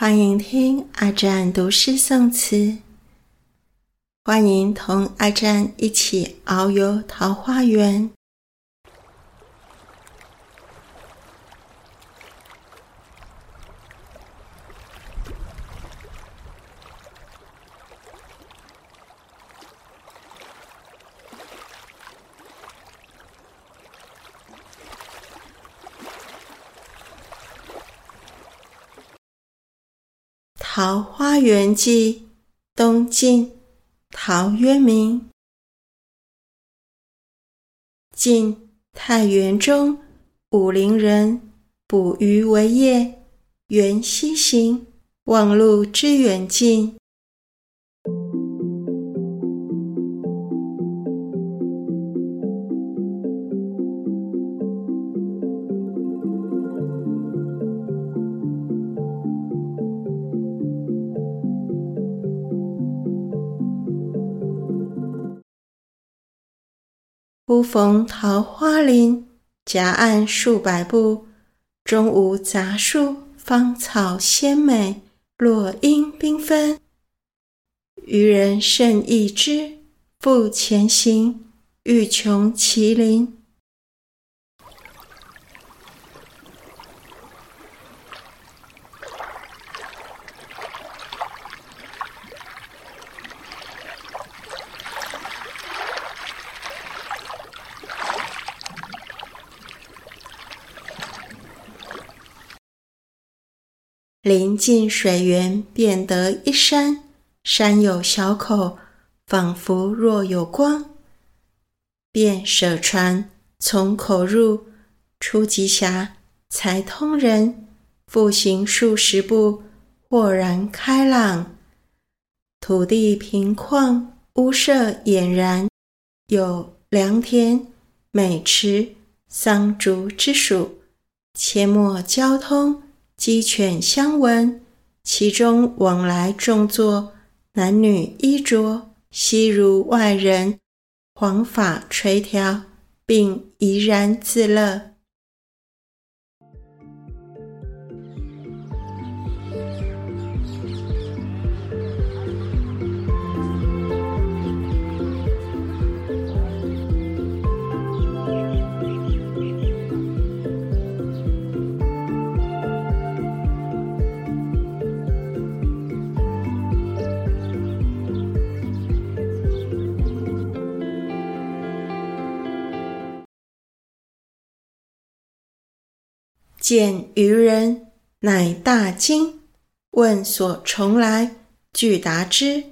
歡迎聽阿占讀詩誦詞，歡迎同阿占一起遨遊桃花源。桃季《桃花源記》，東晉，陶淵明。晉，太元中，武陵人，捕魚為業。緣溪行，忘路之遠近。忽逢桃花林，夾岸數百步，中無雜樹，芳草鮮美，落英繽紛。漁人甚異之，復前行，欲窮其林。林盡水源，便得一山，山有小口，仿佛若有光。便舍船，從口入。初極狹，才通人。復行數十步，豁然開朗。土地平曠，屋舍儼然，有良田、美池、桑竹之屬。阡陌交通，雞犬相聞，其中往來種作，男女衣着，悉如外人。黃髮垂髫，並怡然自樂。見漁人，乃大驚，問所從來，具答之，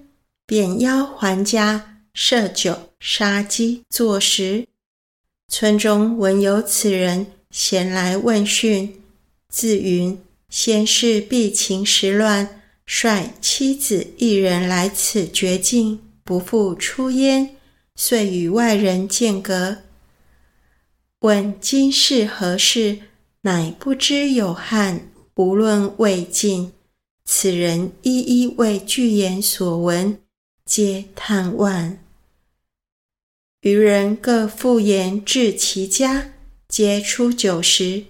便要還家，設酒殺雞作食。村中聞有此人，咸來問訊。自云：“先世避秦時亂，率妻子邑人來此絕境，不復出焉，遂與外人間隔。”問今是何世？乃不知有漢，無論魏晉。此人一一為具言所聞，皆歎惋。餘人各復延至其家，皆出酒食。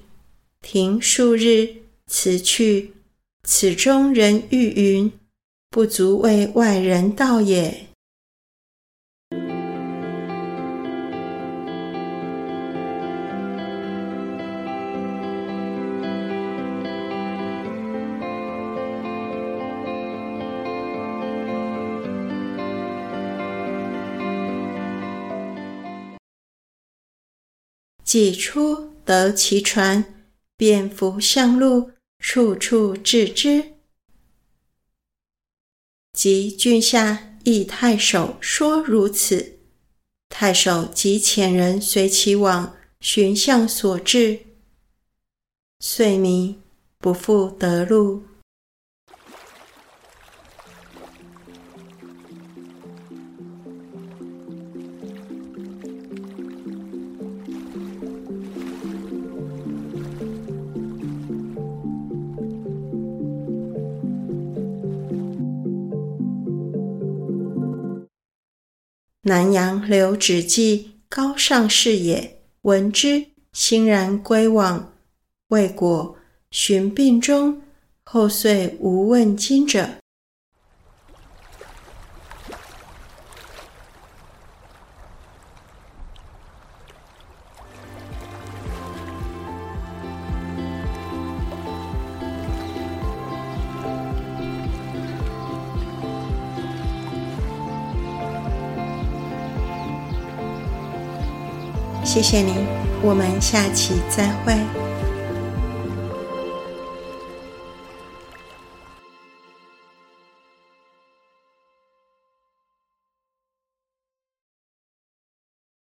停數日，辭去。此中人語云：“不足為外人道也。”既出，得其船，便扶向路，處處志之。及郡下，詣太守，說如此。太守即遣人隨其往，尋向所志，遂迷，不復得路。南陽劉子驥，高尚士也。聞之，欣然規往。未果，尋病終。後遂無問津者。謝謝您，我們下期再會。